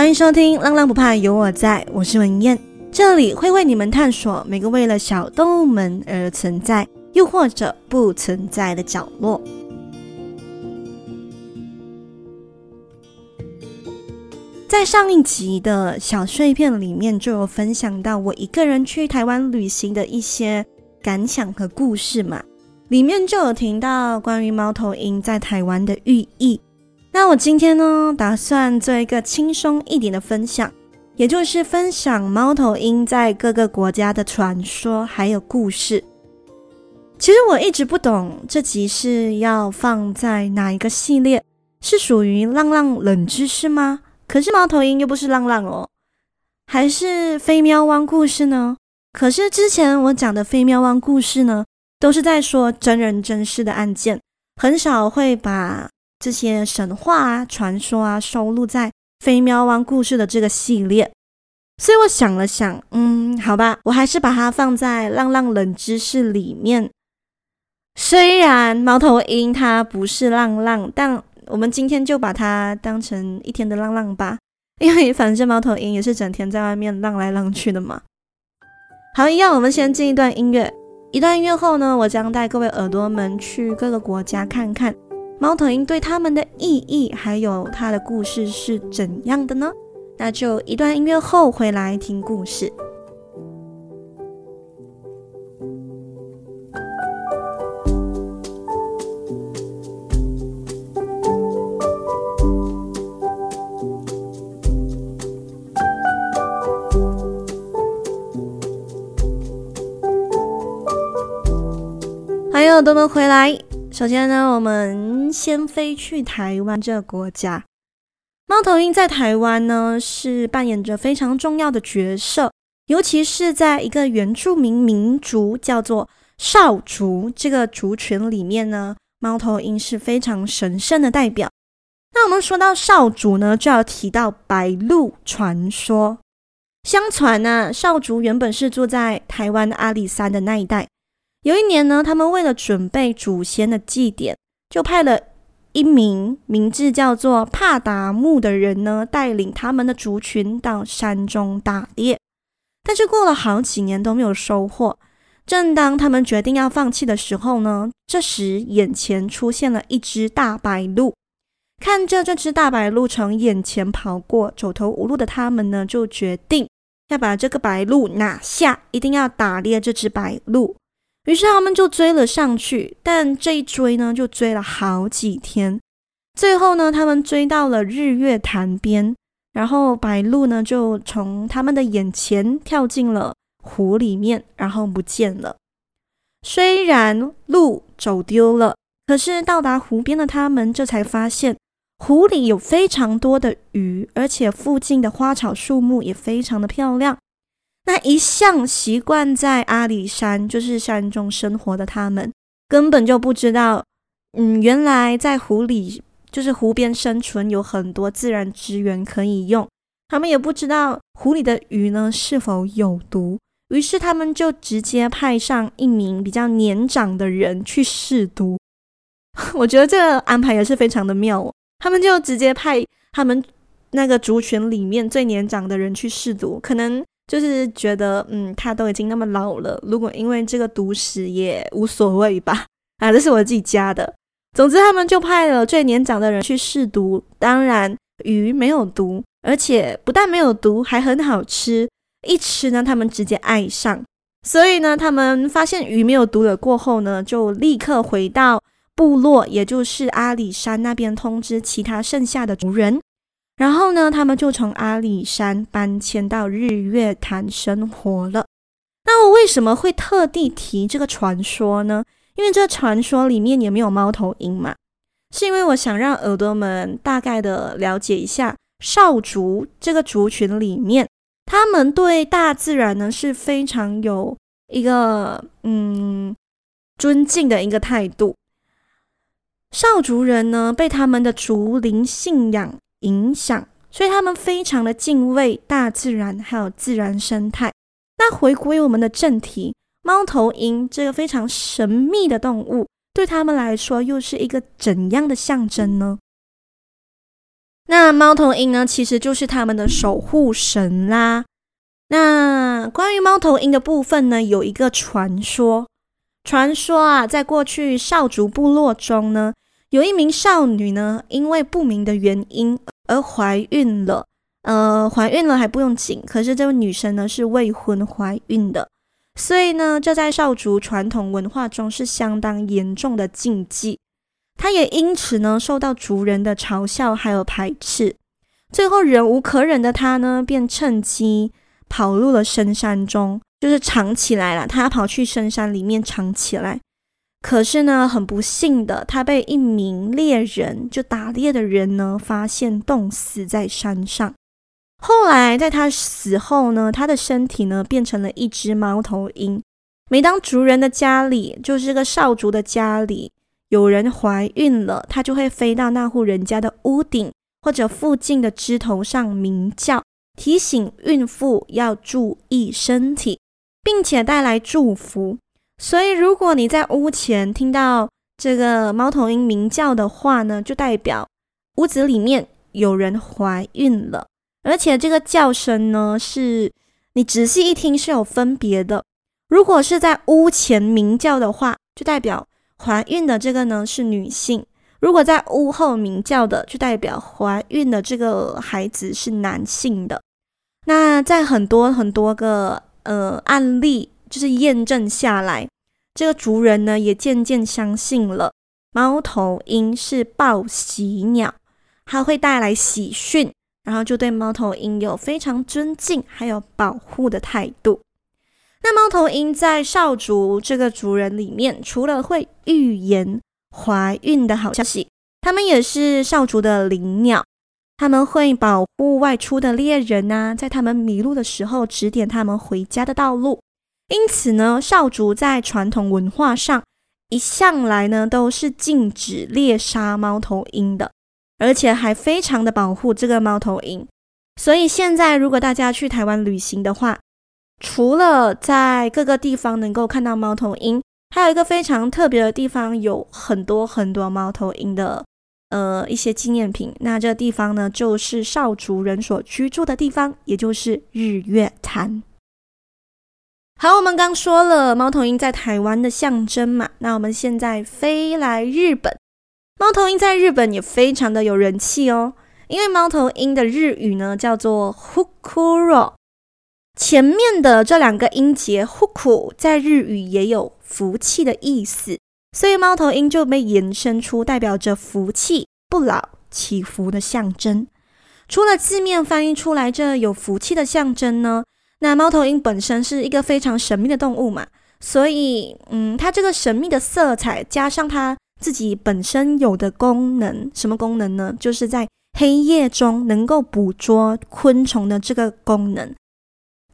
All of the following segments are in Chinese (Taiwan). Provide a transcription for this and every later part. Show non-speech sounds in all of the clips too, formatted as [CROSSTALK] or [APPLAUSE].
歡迎收聽《浪浪不怕，有我在》，我是文燕，這裡會為你們探索每個為了小動物們而存在，又或者不存在的角落。在上一集的小碎片裡面，就有分享到我一個人去台灣旅行的一些感想和故事嘛，裡面就有提到關於貓頭鷹在台灣的寓意。那我今天呢，打算做一個輕鬆一點的分享，也就是分享貓頭鷹在各個國家的傳說還有故事。其實我一直不懂這集是要放在哪一個系列，是屬於“浪浪冷知識”嗎？可是貓頭鷹又不是浪浪哦，還是“飛喵汪故事”呢？可是之前我講的“飛喵汪故事”呢，都是在說真人真事的案件，很少會把這些神話啊、傳說啊，收錄在《飛喵汪故事》的這個系列。所以我想了想，嗯，好吧，我還是把它放在浪浪冷知識裡面。雖然貓頭鷹它不是浪浪，但我們今天就把它當成一天的浪浪吧，因為反正貓頭鷹也是整天在外面浪來浪去的嘛。好，一樣，我們先進一段音樂。一段音樂後呢，我將帶各位耳朵們去各個國家看看。貓頭鷹對他們的意義，還有它的故事是怎樣的呢？那就一段音樂後回來聽故事。還有耳朵們回來。首先呢，我們先飛去台灣這個國家。貓頭鷹在台灣呢是扮演着非常重要的角色，尤其是在一個原住民民族叫做邵族這個族群裡面呢，貓頭鷹是非常神聖的代表。那我們說到邵族呢，就要提到白鹿傳說。相傳呢、啊，邵族原本是住在台灣的阿里山的那一帶。有一年呢，他們為了準備祖先的祭典，就派了一名名字叫做帕達木的人呢，帶領他們的族群到山中打獵。但是過了好幾年都沒有收穫。正當他們決定要放棄的時候呢，這時眼前出現了一隻大白鹿。看着這隻大白鹿從眼前跑過，走投無路的他們呢，就決定要把這個白鹿拿下，一定要打獵這隻白鹿。於是他們就追了上去，但這一追呢，就追了好幾天。最後呢，他們追到了日月潭邊，然後白鹿呢就從他們的眼前跳進了湖裡面，然後不見了。雖然鹿走丟了，可是到達湖邊的他們這才發現，湖裡有非常多的魚，而且附近的花草樹木也非常的漂亮。他一向習慣在阿里山，就是山中生活的他們，根本就不知道，嗯，原來在湖裡，就是湖邊生存有很多自然資源可以用。他們也不知道湖裡的魚呢是否有毒，於是他們就直接派上一名比較年長的人去試毒。 [LAUGHS] 我覺得這個安排也是非常的妙哦，他們就直接派他們那個族群裡面最年長的人去試毒，可能。就是覺得，嗯，他都已經那麼老了，如果因為這個毒死也無所謂吧。啊，這是我自己加的。總之，他們就派了最年長的人去試毒。當然，魚沒有毒，而且不但沒有毒，還很好吃。一吃呢，他們直接愛上。所以呢，他們發現魚沒有毒了過後呢，就立刻回到部落，也就是阿里山那邊，通知其他剩下的族人。然後呢，他們就從阿里山搬遷到日月潭生活了。那我為什麼會特地提這個傳說呢？因為這個傳說裡面也沒有貓頭鷹嘛，是因為我想讓耳朵們大概的了解一下邵族這個族群裡面，他們對大自然呢是非常有一個嗯尊敬的一個態度。邵族人呢，被他們的竹林信仰，影響，所以他們非常的敬畏大自然，還有自然生態。那回歸我們的正題，貓頭鷹這個非常神秘的動物，對他們來說又是一個怎樣的象徵呢？那貓頭鷹呢，其實就是他們的守護神啦。那關於貓頭鷹的部分呢，有一個傳說，傳說啊，在過去邵族部落中呢，有一名少女呢，因為不明的原因。而懷孕了，呃，懷孕了還不用緊。可是這位女生呢，是未婚懷孕的，所以呢，這在邵族傳統文化中是相當嚴重的禁忌。她也因此呢受到族人的嘲笑還有排斥。最後忍無可忍的她呢，便趁機跑入了深山中，就是藏起來了。她跑去深山裡面藏起來。可是呢，很不幸的，他被一名獵人，就打獵的人呢，發現凍死在山上。後來在他死後呢，他的身體呢，變成了一隻貓頭鷹。每當族人的家裡，就是這個邵族的家裡，有人懷孕了，他就會飛到那戶人家的屋頂或者附近的枝頭上鳴叫，提醒孕婦要注意身體，並且帶來祝福。所以，如果你在屋前聽到這個貓頭鷹鳴叫的話呢，就代表屋子裡面有人懷孕了。而且，這個叫聲呢，是你仔細一聽是有分別的。如果是在屋前鳴叫的話，就代表懷孕的這個呢是女性；如果在屋後鳴叫的，就代表懷孕的這個孩子是男性的。那在很多很多個呃案例。就是驗證下來，這個族人呢也漸漸相信了，貓頭鷹是報喜鳥，它會帶來喜訊，然後就對貓頭鷹有非常尊敬還有保護的態度。那貓頭鷹在少族這個族人裡面，除了會預言懷孕的好消息，他們也是少族的靈鳥，他們會保護外出的獵人吶、啊，在他們迷路的時候指點他們回家的道路。因此呢，邵族在傳統文化上，一向來呢都是禁止獵殺貓頭鷹的，而且還非常的保護這個貓頭鷹。所以現在，如果大家去台灣旅行的話，除了在各個地方能夠看到貓頭鷹，還有一個非常特別的地方，有很多很多貓頭鷹的呃一些紀念品。那這地方呢，就是邵族人所居住的地方，也就是日月潭。好，我們剛說了貓頭鷹在台灣的象徵嘛，那我們現在飛來日本，貓頭鷹在日本也非常的有人氣哦，因為貓頭鷹的日語呢叫做 “hukuro”，前面的這兩個音節 “huku” 在日語也有福氣的意思，所以貓頭鷹就被延伸出代表着福氣、不老、祈福的象徵。除了字面翻譯出來這有福氣的象徵呢，那貓頭鷹本身是一個非常神秘的動物嘛，所以，嗯，它這個神秘的色彩加上它自己本身有的功能，什麼功能呢？就是在黑夜中能夠捕捉昆蟲的這個功能，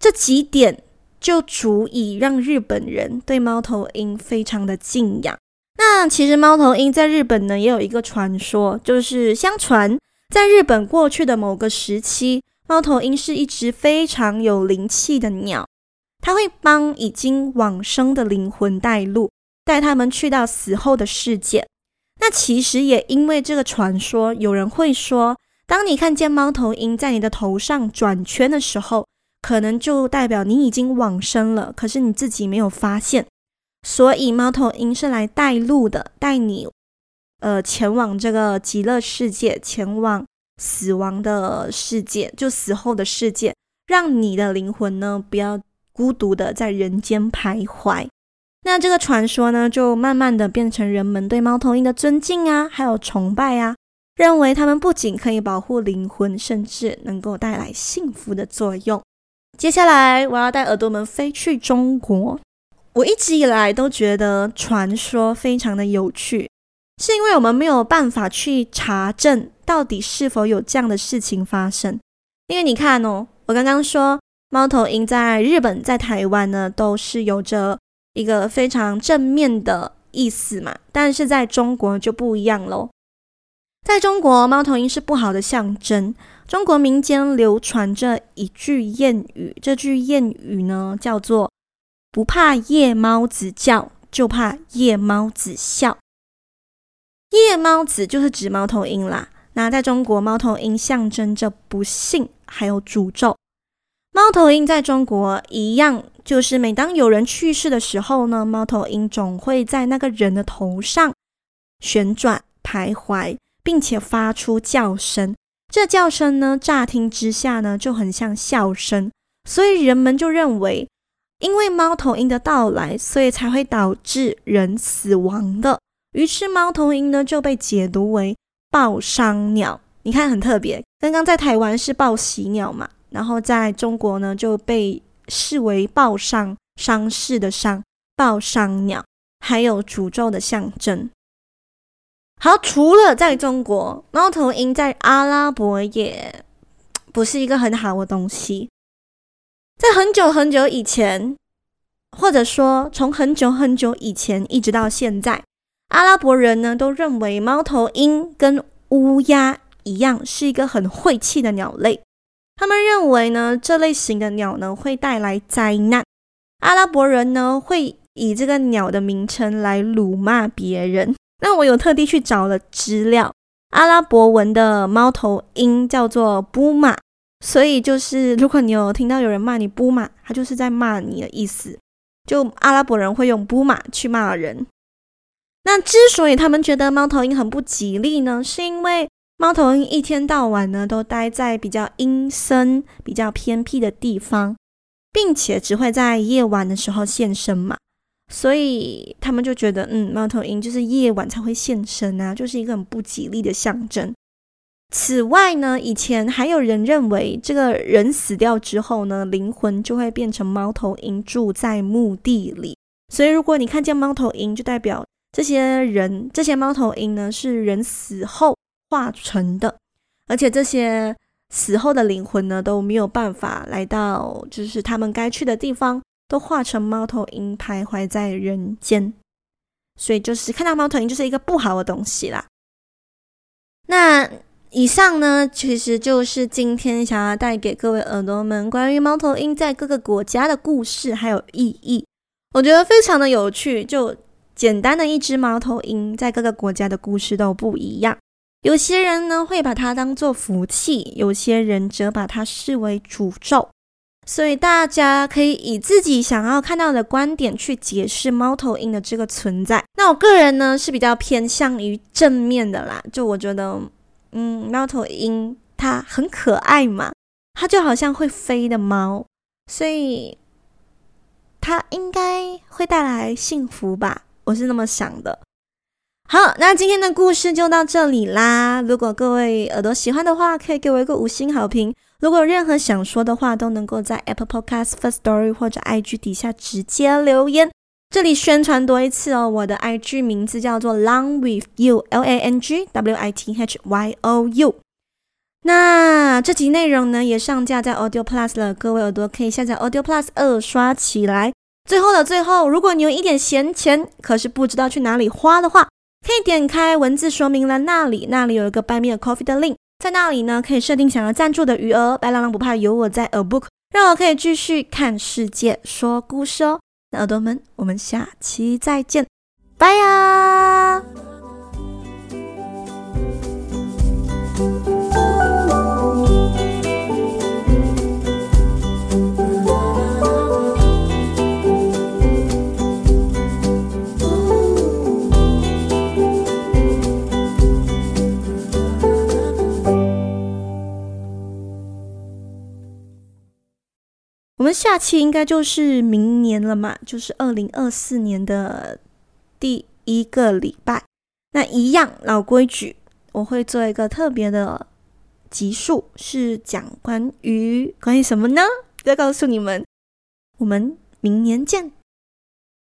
這幾點就足以讓日本人對貓頭鷹非常的敬仰。那其實貓頭鷹在日本呢，也有一個傳說，就是相傳在日本過去的某個時期。貓頭鷹是一隻非常有靈氣的鳥，它會幫已經往生的靈魂帶路，帶他們去到死後的世界。那其實也因為這個傳說，有人會說，當你看見貓頭鷹在你的頭上轉圈的時候，可能就代表你已經往生了，可是你自己沒有發現。所以貓頭鷹是來帶路的，帶你，呃，前往這個極樂世界，前往。死亡的世界，就死後的世界，讓你的靈魂呢，不要孤獨的在人間徘徊。那這個傳說呢，就慢慢的變成人們對貓頭鷹的尊敬啊，還有崇拜啊，認為他們不僅可以保護靈魂，甚至能夠帶來幸福的作用。接下來我要帶耳朵們飛去中國。我一直以來都覺得傳說非常的有趣。是因為我們沒有辦法去查證到底是否有這樣的事情發生，因為你看哦，我剛剛說貓頭鷹在日本、在台灣呢，都是有着一個非常正面的意思嘛，但是在中國就不一樣嘍。在中國，貓頭鷹是不好的象徵。中國民間流傳着一句諺語，這句諺語呢，叫做“不怕夜貓子叫，就怕夜貓子笑”。夜貓子就是指貓頭鷹啦。那在中國，貓頭鷹象徵着不幸還有詛咒。貓頭鷹在中國一樣，就是每當有人去世的時候呢，貓頭鷹總會在那個人的頭上旋轉徘徊，並且發出叫聲。這叫聲呢，乍聽之下呢，就很像笑聲。所以人們就認為，因為貓頭鷹的到來，所以才會導致人死亡的。於是貓頭鷹呢就被解讀為報喪鳥，你看很特別。剛剛在台灣是報喜鳥嘛，然後在中國呢就被視為報喪，喪事的喪，報喪鳥，還有詛咒的象徵。好，除了在中國，貓頭鷹在阿拉伯也不是一個很好的東西。在很久很久以前，或者說從很久很久以前一直到現在。阿拉伯人呢，都認為貓頭鷹跟烏鴉一樣，是一個很晦氣的鳥類。他們認為呢，這類型的鳥呢，會帶來災難。阿拉伯人呢，會以這個鳥的名稱來辱罵別人。那我有特地去找了資料，阿拉伯文的貓頭鷹叫做“布馬”，所以就是如果你有聽到有人罵你“布馬”，他就是在罵你的意思。就阿拉伯人會用“布馬”去罵人。那之所以他們覺得貓頭鷹很不吉利呢，是因為貓頭鷹一天到晚呢都待在比較陰森、比較偏僻的地方，並且只會在夜晚的時候現身嘛，所以他們就覺得，嗯，貓頭鷹就是夜晚才會現身啊，就是一個很不吉利的象徵。此外呢，以前還有人認為，這個人死掉之後呢，靈魂就會變成貓頭鷹住在墓地裡，所以如果你看見貓頭鷹，就代表……這些人，這些貓頭鷹呢，是人死後化成的，而且這些死後的靈魂呢，都沒有辦法來到，就是他們該去的地方，都化成貓頭鷹徘徊在人間，所以就是看到貓頭鷹就是一個不好的東西啦。那以上呢，其實就是今天想要帶給各位耳朵們關於貓頭鷹在各個國家的故事還有意義，我覺得非常的有趣，就。簡單的一隻貓頭鷹，在各個國家的故事都不一樣。有些人呢會把它當做福氣，有些人則把它視為詛咒。所以大家可以以自己想要看到的觀點去解釋貓頭鷹的這個存在。那我個人呢是比較偏向於正面的啦，就我覺得，嗯，貓頭鷹它很可愛嘛，它就好像會飛的貓，所以它應該會帶來幸福吧。我是那麼想的。好，那今天的故事就到這裡啦。如果各位耳朵喜歡的話，可以給我一個五星好評。如果有任何想說的話，都能夠在 Apple Podcast Firstory 或者 IG 底下直接留言。這裡宣傳多一次哦，我的 IG 名字叫做 Lang with You，L A N G W I T H Y O U。那這集內容呢，也上架在 Audio Plus 了。各位耳朵可以下載 Audio Plus 二刷起來。最後的最後，如果你有一點閒錢，可是不知道去哪裡花的話，可以點開文字說明欄那裡，那裡有一個 Buy Me a Coffee 的 link，在那裡呢，可以設定想要贊助的餘額。白浪浪不怕有我在，A book 讓我可以繼續看世界說故事哦。那耳朵們，我們下期再見，拜呀、啊！我們下期應該就是明年了嘛，就是二零二四年的第一個禮拜。那一樣老規矩，我會做一個特別的集數，是講關於關於什麼呢？再告訴你們，我們明年見。